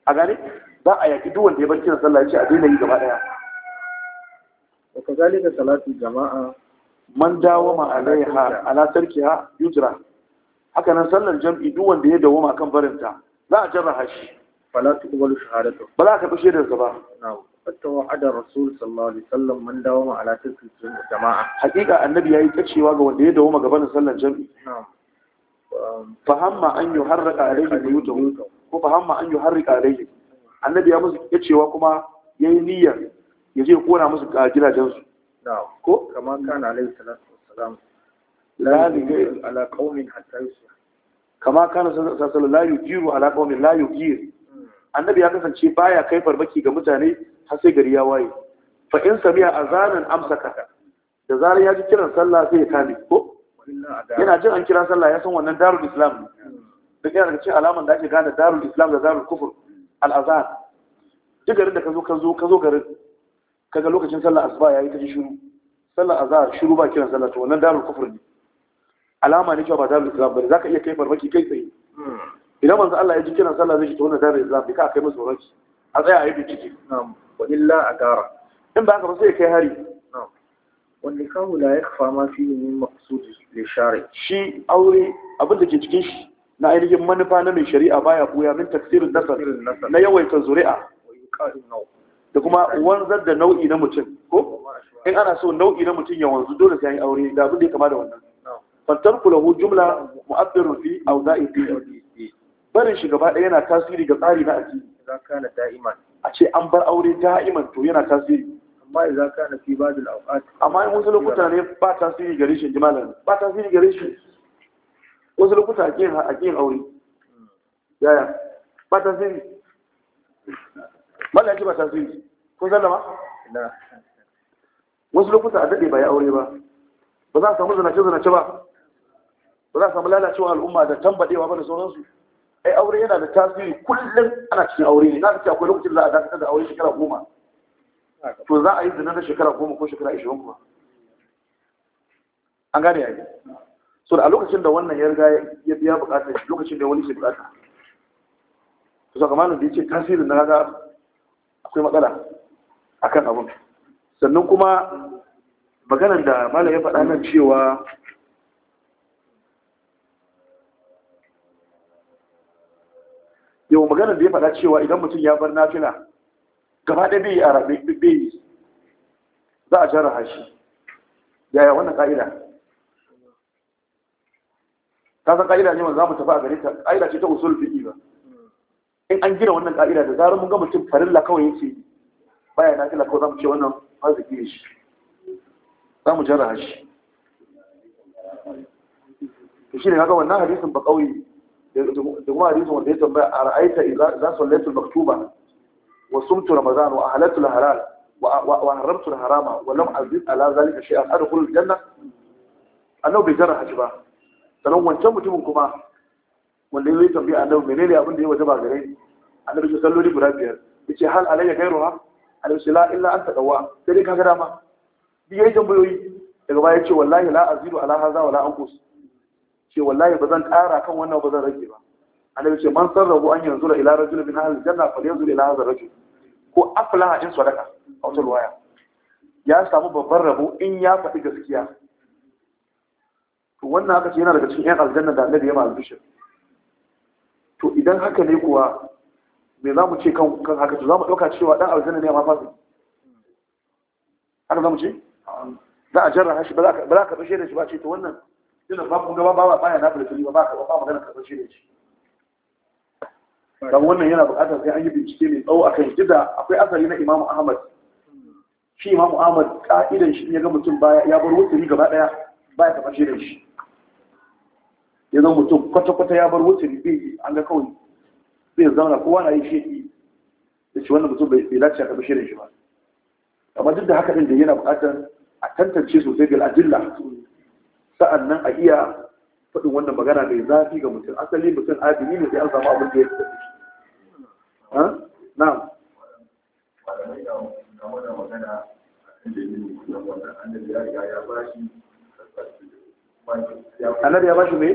a gane za a yaƙi duk wanda ya bar kiran sallah ce a daina gaba daya wa kazalika salatu jama'a man dawama alaiha ala tarkiha yujra haka nan sallar jam'i duk ya dawama kan barinta za a jarraha shi fala tuqbalu shahadatu ba za ka fashe da sa ba na'am fattawa adar rasul sallallahu alaihi wasallam man dawama jama'a hakika annabi yayi kacewa ga wanda ya dawoma gaban sallar jami'i na'am fahamma an yuharraka alaihi buyutahu ko fahamma an yuharrika alaihi annabi ya musu kacewa kuma yayi niyyar ya je kona musu gidajen su ko kama kana alaihi salatu wassalam la yujiru ala qaumin hatta yusbih kama kana sallallahu alaihi wasallam la annabi ya kasance baya kai farmaki ga mutane har sai gari ya waye fa in samiya azanan amsaka da zarar ya ji kiran sallah sai ya kame ko yana jin an kira sallah ya san wannan darul islam ne da yana daga cikin alaman da ake gane darul islam da darul kufur al azan duk garin da ka zo ka zo ka zo garin kaga lokacin sallah asuba yayi ta ji shiru sallah azhar shiru ba kiran sallah to wannan darul kufur ne alama ne cewa ba darul islam bane zaka iya kai farmaki kai tsaye idan manzo Allah ya ji kiran sallah zai ji to wannan dare za ka kai masa wurin a tsaya a yi bincike na'am wa illa akara in ba ka ba sai kai hari na'am wanda kawo la yakhfa ma fi min maqsud li shari shi aure abin da ke cikin shi na ainihin manufa na mai shari'a baya buya min tafsirin nasar na yawaita zuri'a da kuma wanzar da nau'i na mutum ko in ana so nau'i na mutum ya wanzu dole sai an yi aure da abin da ya kama da wannan fantar hu jumla mu'abbirun fi auza'i fi barin shi gaba ɗaya yana tasiri ga tsari na addini idan kana da'iman a ce an bar aure da'iman to yana tasiri amma idan kana fi ba da al'auqat amma in wasu lokuta ne ba tasiri gare shi jimalan ba tasiri ga rishin wasu lokuta a kin aure yaya ba tasiri mallan ce ba tasiri kun san da ma wasu lokuta a daɗe ba ya aure ba ba za a samu zanace zanace ba ba za a samu lalacewa al'umma da tambadewa ba da sauransu ai aure yana da tasiri kullum ana cikin aure ne na ce akwai lokacin da za a dakatar da aure shekara goma to za a yi zina na shekara goma ko shekara ashirin kuma an gane ya yi so a lokacin da wannan ya riga ya biya bukata lokacin da wani ke bukata to saka malam da ya ce tasirin na ga akwai matsala akan abun sannan kuma maganar da malam ya faɗa nan cewa yau maganar da ya faɗa cewa idan mutum ya bar nafila gaba ɗaya bai a bai yi za a jara hashi yaya wannan ƙa'ida ta san ƙa'ida ne wanda za mu tafi a gare ta ƙa'ida ce ta usul fiƙi ba in an gina wannan ƙa'ida da zarar mun ga mutum farilla kawai yake baya nafila kawai za mu ce wannan arziki ne shi za mu jara hashi shi ne kaga wannan hadisin ba ƙauye da kuma hadisin wanda ya tambaya a ra'aita su sallaitu maktuba wa sumtu ramadan wa ahlatu halal wa haramtu harama wa lam azid ala zalika shay'an adkhul janna annabi bai jarra haji ba sanan wancan mutumin kuma wanda ya tambaya annabi menene abin da ya wajaba gare ni annabi ya salloli guda biyar yace hal alayya ghayruha annabi la illa an taqwa sai dai kaga dama bi yayi tambayoyi daga baya yace wallahi la azidu ala hadha wala anqus ce wallahi ba zan ƙara kan wannan ba zan rage ba annabi ce man rabu an yanzu da ila rajul min ahli janna fa yanzu ila hadha rajul ko aflaha in sadaka a wata waya. ya samu babban rabo in ya faɗi gaskiya to wannan aka ce yana daga cikin yan aljanna da annabi ya ma albishir to idan haka ne kuwa me za mu ce kan kan haka to za mu ɗauka cewa ɗan aljanna ne ma fasu haka za mu ce za a jarra shi ba za ka bishe da shi ba ce to wannan tunda ba kun ga ba ba ya nafi da ba ba ka ba magana karɓar shi da shi dan wannan yana buƙatar sai an yi bincike mai tsawo akan shi da akwai asali na Imam Ahmad shi Imam Ahmad ka'idan shi ya ga mutum baya ya bar wuturi gaba daya ba ya karɓar da shi ya zama mutum kwata-kwata ya bar wuturi bai an ga kawai zai zauna kowa na yi shi da shi wannan mutum bai dace a karɓar shi da shi ba amma duk da haka ɗin da yana buƙatar a tantance sosai bil adilla sa'an nan a iya faɗin wannan magana mai zafi ga mutum asali mutum adini ne sai an samu abin da ya fi na annabi ya bashi mai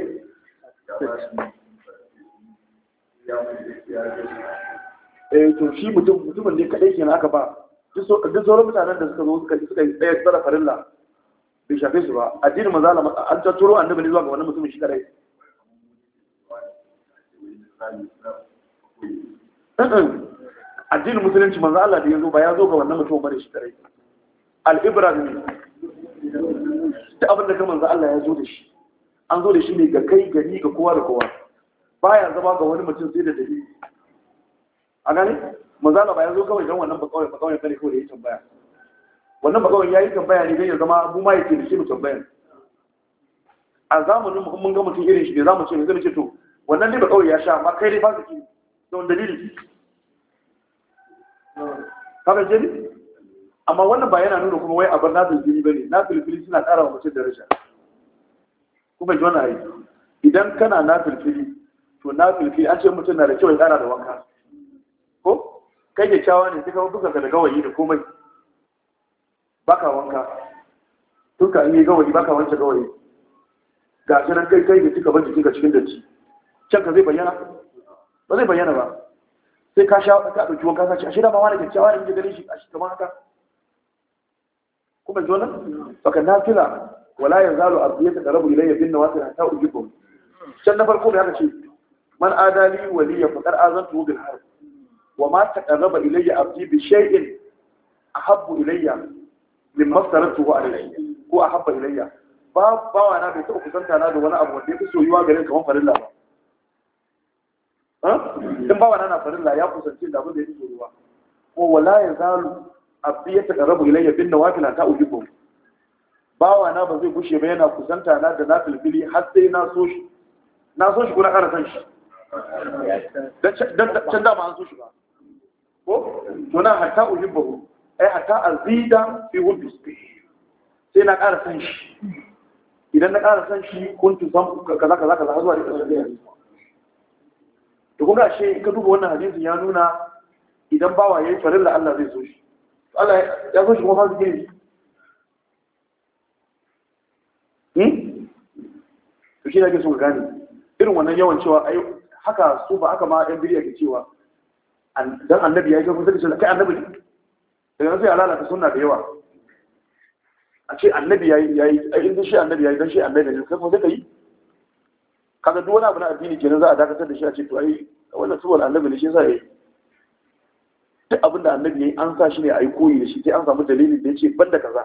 eh to shi mutum mutumin ne kadai na aka ba duk sauran mutanen da suka zo suka yi tsaye yi tsaya tsara farilla bai shafe su ba addinin manzo Allah an tattaro annabi ne zuwa ga wannan mutumin shi kadai addinin musulunci manzo Allah da yazo ba ya zo ga wannan mutum bane shi kadai al-ibra ne ta abin da manzo Allah ya zo da shi an zo da shi ne ga kai gani ga kowa da kowa baya zama ga wani mutum sai da dalili a gani manzo Allah ba ya zo kawai don wannan ba kawai ba kawai kare kawai da yake baya wannan bagawai ya yi tambaya ne don ya zama abu ma ya taimake mu bayan. a zamanin mu mun ga mutum irin shi ne za mu ce ne zai ce to wannan dai bagawai ya sha amma kai dai fasiki don dalilin. dalili kaga jini amma wannan ba yana nuna kuma wai abar nasu jini bane nasu fili suna ƙara wa mace daraja kuma ji wani idan kana nasu fili to nasu fili an ce mutum na da kyau ya ƙara da wanka ko kai kyakkyawa ne sai kawai buga da gawayi da komai baka wanka tun ka yi gawayi baka wanke gawayi ga shi nan kai kai da cika bar jikinka cikin datti can ka zai bayyana ba zai bayyana ba sai ka sha ka dauki wanka ka ce ashe da ba wani kyakkyawa ne kike ganin shi ashe kamar haka kuma jona baka nafila wala yazalu ta qarabu ilayya bin nawafil hatta ujibu can na farko da haka ce man adali waliya faqad azantu bil har? wa ma taqarraba ilayya abdi bi a habbu ilayya min masaratu wa alayya ko a habba ilayya ba wa na bai taɓa kusanta na da wani abu wanda yake fi soyuwa gare kamar farilla ba in bawa na na farilla ya kusance da abin da ya fi soyuwa ko wala ya zalu abdi ya taqarrabu ilayya bin nawafil ta ujibu wa na ba zai gushe ba yana kusanta na da nafil bili har sai na so shi na so shi ko karatan shi dan can dama an so shi ba ko to na hatta ujibu Eh, ai hatta azida fi wulbi sai na ƙara san shi idan na ƙara san shi kuntu san kaza kaza kaza har zuwa da ƙasar zai to kun in ka duba wannan hadisin ya nuna idan bawa farin da Allah zai so shi Allah ya so shi kuma fasu gini hmm to shi nake so gane irin wannan yawan cewa ai haka su ba haka ma yan biriya ke cewa dan annabi ya yi kusa da shi kai annabi ne daga sai a lalata suna da yawa a ce annabi ya yi ya yi in shi annabi ya yi don shi annabi ne kuma sai ka yi kaga duk wani abu na addini ke za a dakatar da shi a ce to ai wannan suwar annabi ne shi sa ya yi duk abin da annabi ya yi an sa shi ne a yi koyi da shi sai an samu dalilin da ya ce ban da kaza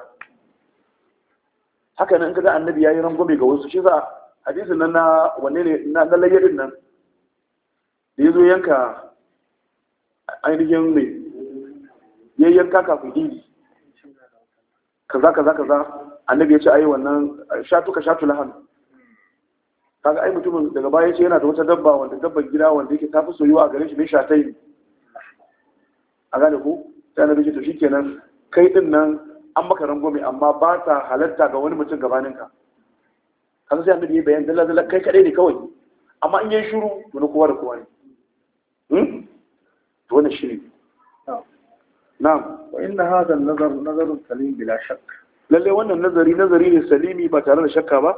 haka nan ga annabi ya yi rangwame ga wasu shi yasa hadisin nan na wanne ne na lallayarin nan da ya zo yanka ainihin mai yayyan kaka ku iri kaza kaza kaza annabi ya ce ai wannan shatu ka shatu lahan kaga ai mutumin daga baya ya ce yana da wata dabba wanda dabban gida wanda yake tafi soyuwa a gare shi bai shatai ne. a gane ku sai annabi ya ce to shikenan kai din nan an maka rangwame amma ba ta halatta ga wani mutum gabaninka kaga sai annabi ya bayan dalla dalla kai kadai ne kawai amma in yi shiru to na kowa da kowa ne hmm? to wannan shi ne na'am wa inna hadha an-nazar salim bila shakk lalle wannan nazari nazari ba tare da shakka ba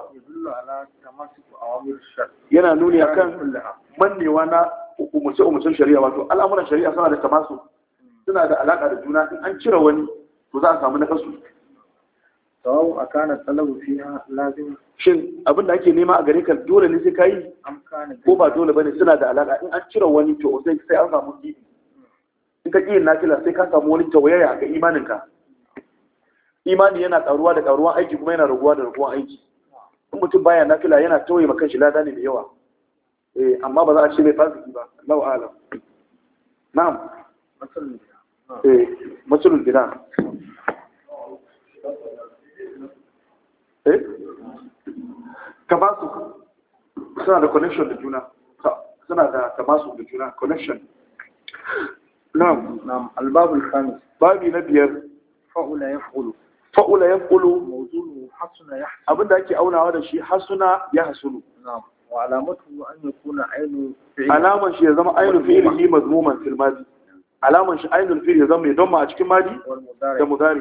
yana nuni akan mannewa na umarce umarcen shari'a wato al'amuran shari'a suna da tamasu hmm. suna da alaƙa da juna in an cire wani to za a samu na a kana talabu shin abin da ake nema a gare ka dole ne sai kai ko ba dole bane suna da alaƙa in an cire wani to sai an samu gibi in ka ƙiyin nafila sai ka samu wani tawayaya ga imaninka imani yana ƙaruwa da ƙaruwan aiki kuma yana raguwa da raguwan aiki in mutum baya nafila yana tawaye makan shi lada ne da yawa eh amma ba za a ce mai fasiki ba lau a'lam na'am matsalin gina eh ka ba su suna da connection da juna suna da da juna connection na'am na'am albabul khamis babi na biyar fa'ula yaf'ulu fa'ula yaf'ulu abinda ake aunawa da shi hasuna yahsulu na'am wa alamatu an yakuna ainu fi'li alaman shi ya zama ainu fi'li mazmuman fil madi alaman shi ainu fi'li ya zama don ma a cikin madi da mudari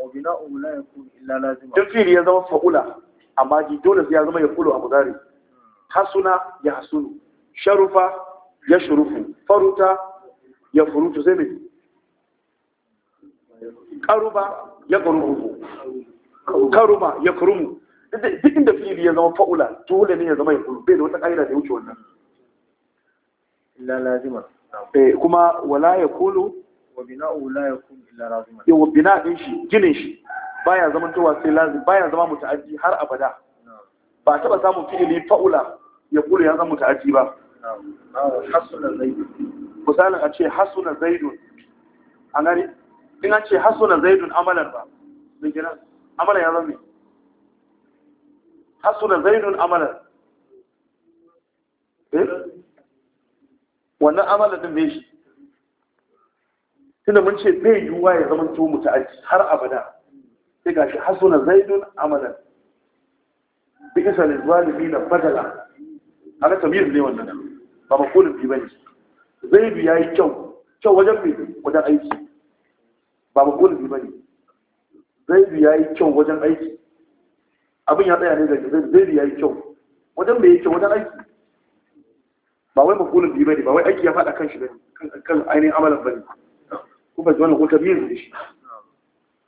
wa bina'u la yakun illa lazima duk fi'li ya zama fa'ula amma ji dole sai ya zama yaqulu a hmm. hasuna ya furutu sai mai karuba ya karubu karuma ya karumu duk inda fili ya zama fa'ula dole ne ya zama ya kuru bai da wata ƙa'ida da ya wuce wannan eh, kuma wala ya kulu wa bina'u la yakun illa lazima yawa bina'in shi ginin shi ba ya zama towa sai lazim ba ya zama muta'addi har abada ba taɓa samun fi'ili fa'ula ya kulu ya zama muta'addi ba misalin a ce hasuna zaidun a gani ce hasuna zaidun amalar ba da gina amalar ya zama hasuna zaidun amalar eh? wannan amalar din bai shi tunda mun ce bai yiwuwa ya zama to aiki har abada sai gashi hasuna zaidun amalar bi isa lil na fadala haka tamir ne wannan ba ba makulun bi bane bi yayi kyau kyau wajen bi wajen aiki ba ba makulun bi bane bi yayi kyau wajen aiki abin ya tsaya ne da bi yayi kyau wajen bai kyau wajen aiki ba wai makulun bi bane ba wai aiki ya faɗa kan shi bane kan ainihin amalan bane ku ba wannan ko tamir ne shi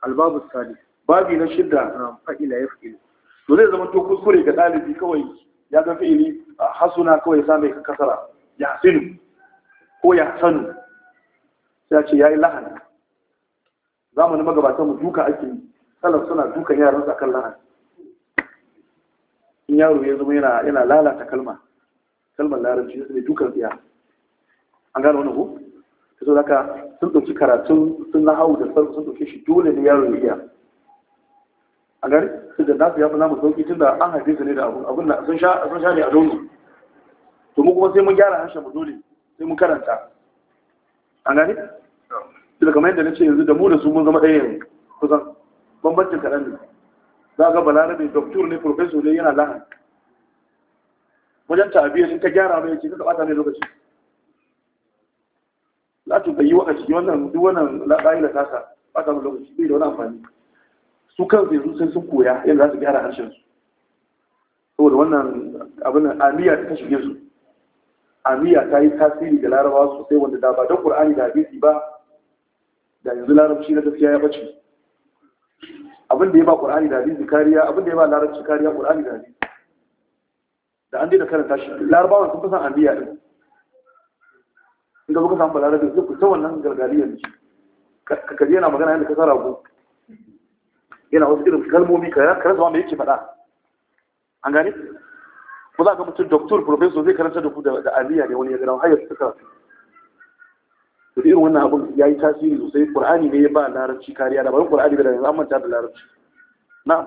albabu sali babi na fa ila yaf'il to zai zama to kuskure ga ɗalibi kawai ya ga fi'ili hasuna kawai ya same kasara ya sinu ko ya sanu sai ce ya yi lahani zamanin magabatan mu duka ake yi salaf suna dukan yaran akan lahani in yaro ya zama yana lalata kalma kalmar larabci ne dukan tsiya an gano wani ko ta zo sun ɗauki karatun sun na hau da sarki sun ɗauke shi dole ne yaro ya iya a gari su da nasu ya fi namu sauki tun da an haife su ne da abun abun da sun sha ne a nono to mu kuma sai mun gyara harshen mu dole sai mun karanta an gani daga kamar yadda na ce yanzu da mu da su mun zama ɗaya kusan bambancin kaɗan ne za ga balarabe doktor ne professor ne yana lahan wajen tabiya sun ka gyara mai ce ka ɓata ne lokaci la tu bayyi wakaci wannan duk wannan la ƙa'ila tasa ɓata mu lokaci bai da wani amfani su kan yanzu sun sun koya yadda za su gyara harshen su saboda wannan abin amiya ta shige su amiya ta yi tasiri ga larabawa sosai wanda da ba don qur'ani da hadisi ba da yanzu larabci na gaskiya ya bace abin da ya ba qur'ani da hadisi kariya abin da ya ba larabci kariya qur'ani da hadisi da an daina karanta shi Larabawa sun kusan amiya din in ga kuka samu balarabe zai kusa wannan gargariyar da shi ka kaje yana magana yadda ka sa yana wasu irin kalmomi ka ma me yake faɗa an gane ko za ka mutum doktor professor zai karanta da ku da aliyya ne wani ya gana hayar suka karatu to irin wannan abin ya yi tasiri sosai qur'ani ne ya ba larabci kariya da bayan qur'ani da yanzu an manta da larabci na'am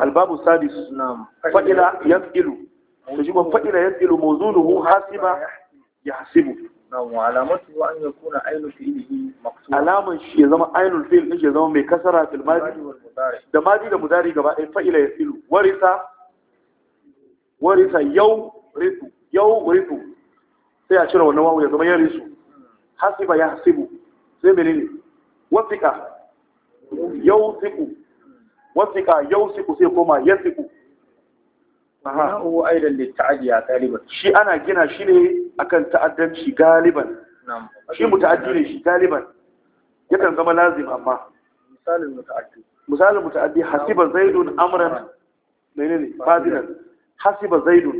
albabu sadis na'am fa'ila yas'ilu to shi ko fa'ila yas'ilu mawzunuhu hasiba yahsibu Alamun shi ya zama ainul fi'l din ya zama mai kasara fil da madi da mudari gaba ɗaya fa'ila ya filu warisa warisa yau ritu yau ritu sai a cire wannan wawu ya zama yarisu hasiba ya hasibu sai menene wasika yau siku yau siku sai koma siku. Na'u aidan litta'adiya galiban. Shi ana gina shi ne akan ta'addanci galiban. Shi muta'addi ne shi galiban. Yakan zama lazim amma. Misalin muta'addi. Misalin muta'addi hasiba zaidun amran menene fadilan. Hasiba zaidun.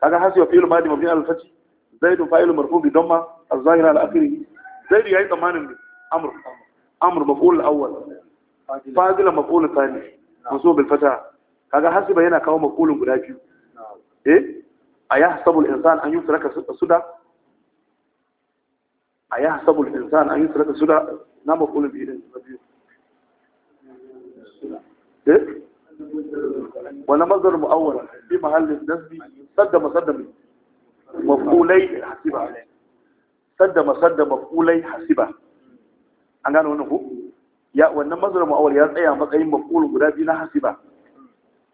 Kaga hasiba fi'il madi mabni al fati. Zaidun fa'il marfu bi damma al zahira al akhiri. Zaidu yayi tsammanin amr. Amr maf'ul al awwal. Fadilan maf'ul thani. Mansub bil fatah. kaga hasiba yana kawo makulun guda biyu eh ayahsabu al-insan an yusraka suda ayahsabu al-insan an yusraka suda na makulun biyu biyu eh wala mazhar muawwal fi mahallin nasbi sadda masadda mafulai hasiba sadda masadda mafulai hasiba an gano wannan ku ya wannan mazhar muawwal ya tsaya matsayin mafulun guda biyu na hasiba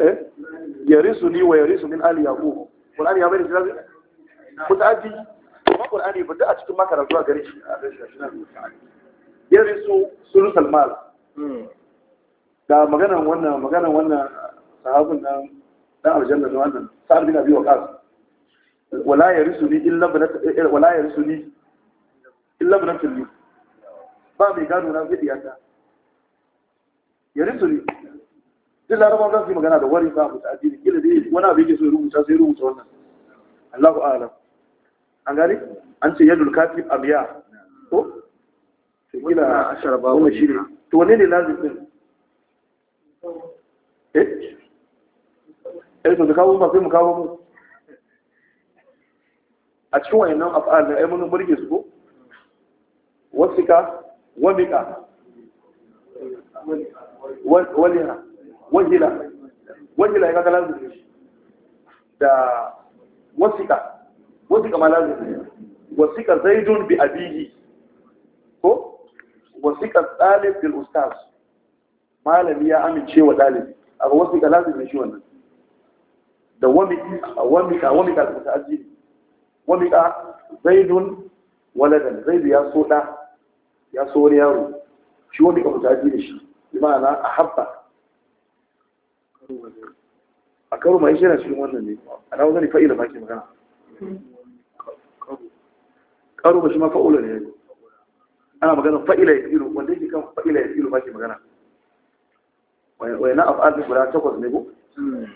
Eh? yarisu ni wa yarisu min ali yaqub qur'ani ya bari zai mutaaddi kuma qur'ani ba da a cikin makarantu a gare shi yarisu sulusal mal hmm. da maganar wannan maganar wannan sahabin nan dan aljanna da wannan sa'ad bin abi waqas wala yarisuni illa banat eh, wala yarisuni illa banat ba mai gano na zai iya diyata yarisuni sai larabawa za su yi magana da wari ba mutu addini kila dai wani abu yake so ya rubuta sai rubuta wannan Allahu a'lam an gari an ce yadda katib amiya ko sai gina a sharaba wani shi ne to wane ne lazim din eh eh to da kawo ba sai mu kawo mu a cikin wayannan af'al da ayyukan burge su ko wasika wamika waliha wajila wajila ya kaga lazim da wasika wasika ma lazim wasika zaidun bi abihi ko wasika talib bil ustaz malami ya amince wa dalibi aga wasika lazim ne shi wannan da wamika wamika wamika wami wamika zaidun waladan zaidu ya so da ya so yaro shi wamika muta'azziri shi ma'ana ahabba a karo ma shi yana cikin wannan ne a dawo zane fa'ila ba ke magana karo ba shi ma fa'ula ne ana magana fa'ila ya filo wanda yake kan fa'ila ya filo ba ke magana wani na af'al guda takwas ne ko su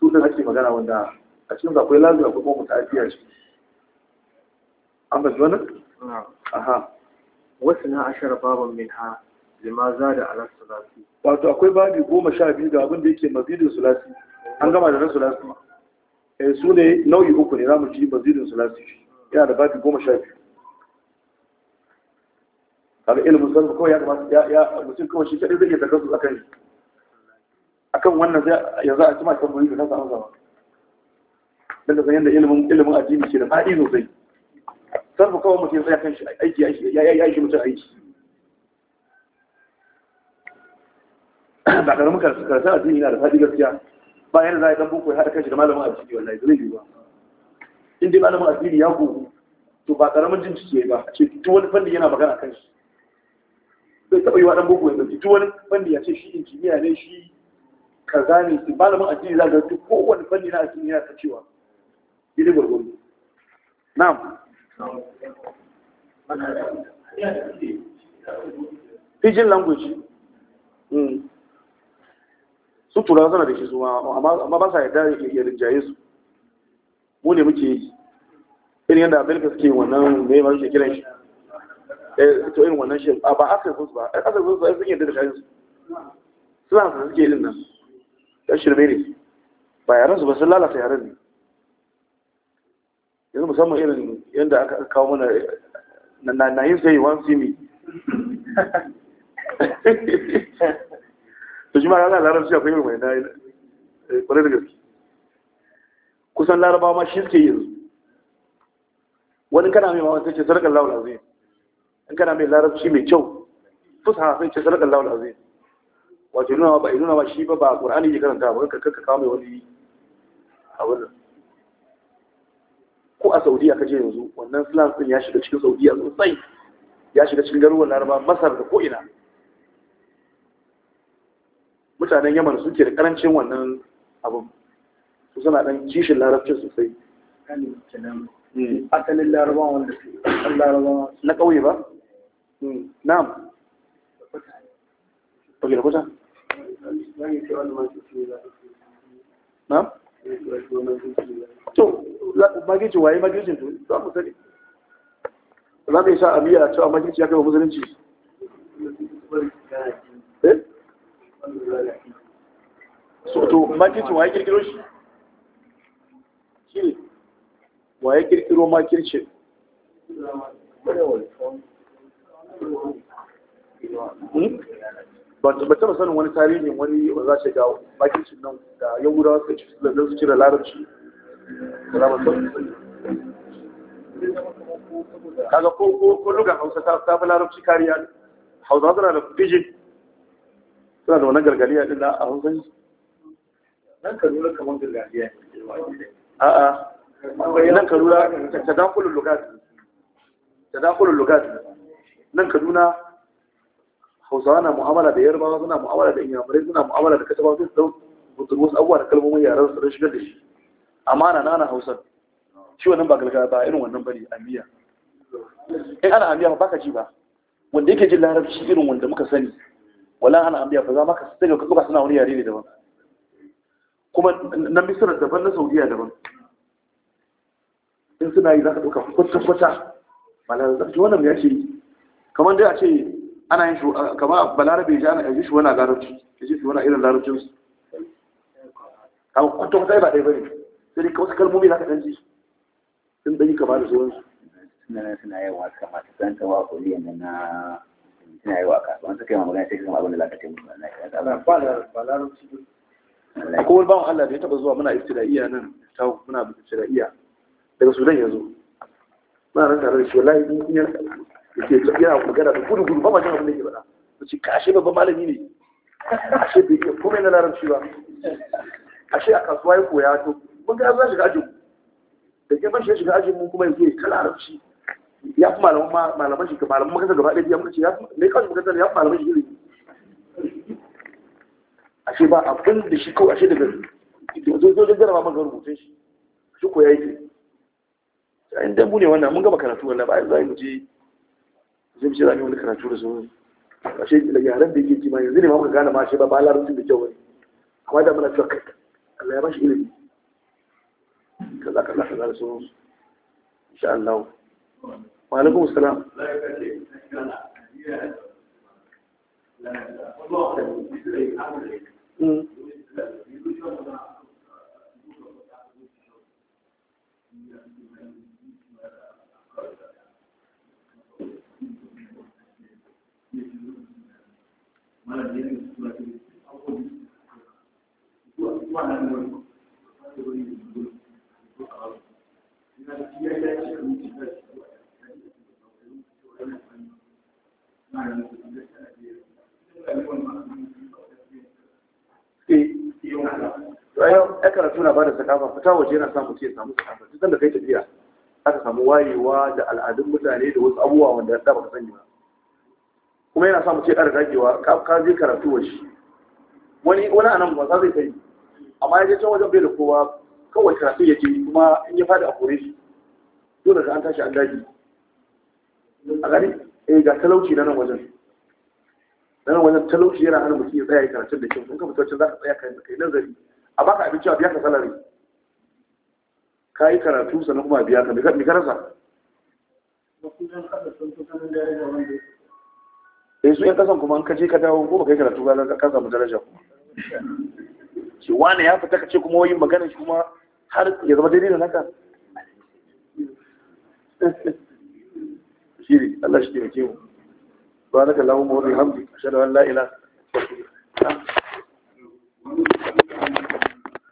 sun ake magana wanda a cikin akwai lazim akwai kuma ajiya shi an ba shi wannan aha wasu na ashar baban min ha limaza da ala sulasi wato akwai babi goma sha biyu ga abin da yake mazidin sulasi an gama da na sulasi eh su ne nau'i uku ne zamu ji mazidin sulasi yana da babi goma sha biyu kaga ilimin sarfa kawai ya kamata ya mutum kawai shi kadai zai iya takasu akan shi akan wannan yanzu a cima kan muyi da na samu zama dan da yanda ilimin ilimin addini ke da fa'i sosai sarfa kawai mutum ya tsaya kan shi aiki aiki ya yi aiki mutum aiki ba karamin karshen addini na da faɗi gaskiya ba yana za a yi ɗan boko ya haɗa kashi da malamin addini wallahi zai yi ba in dai malamin addini ya gogo to ba karamin jin ciki ba a ce duk wani fanni yana magana kan shi zai taɓa yi wa ɗan boko ya ɗauki duk wani fanni ya ce shi injiniya ne shi kaza ne malamin addini za ga duk kowane fanni na addini yana ta cewa ne. gwargwaro na'am pidgin language mm. su tura sana da shi su amma ba sa yarda ya rinjaye su mu ne muke yi irin yadda amerika suke wannan mai mara suke shi eh, to irin wannan shi ba asir sun ba asir sun ba sun yarda da shayin su suna su suke irin nan ya shirme ne ba yaran su ba sun lalata yaran ne yanzu musamman irin yadda aka kawo mana eh, na yin sai yi see me to shi ma kaga larabci akwai mai na kwarar da gaske kusan larabawa ma shi suke yanzu wani kana mai mawa sai ce sadakar lawal azim in kana mai larabci mai kyau fusa sai ce sadakar lawal azim wato nuna ba nuna ba shi ba ba qur'ani ke karanta ba kakka ka kawo mai wani a wannan ko a saudiya kaje yanzu wannan slang din ya shiga cikin saudiya sosai ya shiga cikin garuruwan laraba masar da ko ina mutanen yaman suke da karancin wannan abin su suna dan kishin larabci sosai hmm. asalin larabawa wanda su larabawa na ƙauye ba hmm. na'am ba gida kusa na'am to magiji waye magijin to za mu sani za mu yi sa amiya cewa magiji ya kai wa musulunci eh? so to makircin waye kirkiro shi shi waye kirkiro makircin hmm? ba ta sanin wani tarihin wani ba za ga makircin nan da yahudawa wasu ci da zai cire larabci kaga ko ko ko lugar hausa ta fi larabci kariya hausa suna da suna da wani gargaliya din na a hausan nan kaduna kamar gargaliya a'a nan kaduna tadakulul lugat tadakulul lugat nan kaduna hausawa na mu'amala da yarbawa suna mu'amala da inyamurai suna mu'amala da katabawa sun dau mutum wasu abubuwa da kalmomin yaran su don shigar da shi amma na na hausa shi wannan ba galgala ba irin wannan bane amiya in ana amiya ba ka ji ba wanda yake jin larabci irin wanda muka sani wala ana ambiya ba za maka su daga kuka suna wani yare ne daban kuma na misira daban na saudiya daban in suna yi za ka ɗauka kwata kwata zafi wannan ya ce kamar dai a ce ana yin shi kama balarabe ya ji ana yi shi wani larabci ya ji shi wani irin larabcin su kama kwata kwata ba ɗaya ba ne sai dai wasu kalmomi za ka ɗan ji sun ɗan yi kama da sauransu suna yawa kamata san tawa kuliyan na suna yi wa kasuwan suka yi magana sai kuma abin da za ka ce musu wallahi akwai wani bawan Allah da ya taba zuwa muna ibtida'iyya nan tawo muna ibtida'iyya daga Sudan ya zo muna nan tare da shi wallahi in ya yake yana gara da gudu gudu ba ma jin abin da yake faɗa ce ka ashe babban malami ne ashe bai iya komai na larabci ba ashe a kasuwa ya koya to mun ga za shiga ajin da gefen shi ya shiga ajin mun kuma yanzu ya ta larabci ya fi malaman malaman shi malaman makasar gaba ɗaya muka ce ya fi mai kawai makasar ya fi malaman shi ilimi ashe ba abin da shi kawai ashe daga zojojin jaraba maka rubutun shi shi ko ya yi ke in dambu ne wannan mun gaba karatu wannan ba za mu je zai ce za mu yi wani karatu da sauran ashe da yaren da yake ji ma yanzu ne ma muka gane ma ashe ba ba larabcin da kyau wani amma da muna cewa kai Allah ya bashi shi ilimi kaza kaza kaza da sauransu insha Allah wa alaikum salam Mm. fita waje yana samu ce samu sa'ada duk da kai tafiya aka samu wayewa da al'adun mutane da wasu abubuwa wanda ya saba sani ba kuma yana samu ce ƙara dagewa ka je karatu wa shi wani wani anan ba za zai kai amma ya je can wajen bai da kowa kawai karatu ya ke kuma in ya fadi a kore shi dole ka an tashi an daji a gani eh ga talauci na nan wajen nan wajen talauci yana hana mutum ya tsaya ya karatu da kyau in ka mutum za ka tsaya ka yi nazari a baka abinci a biya ka salari Eh, ka yi karatu sannan kuma biya ka mai karasa da su 'yan kasan kuma an kaje ka dawo ko kai karatu ga ka samu daraja kuma ce wani ya fita kace kuma wayin magana shi kuma har ya zama daidai da naka shiri Allah shi ke mu subhanaka allahumma wa bihamdika ashhadu an la ilaha illa anta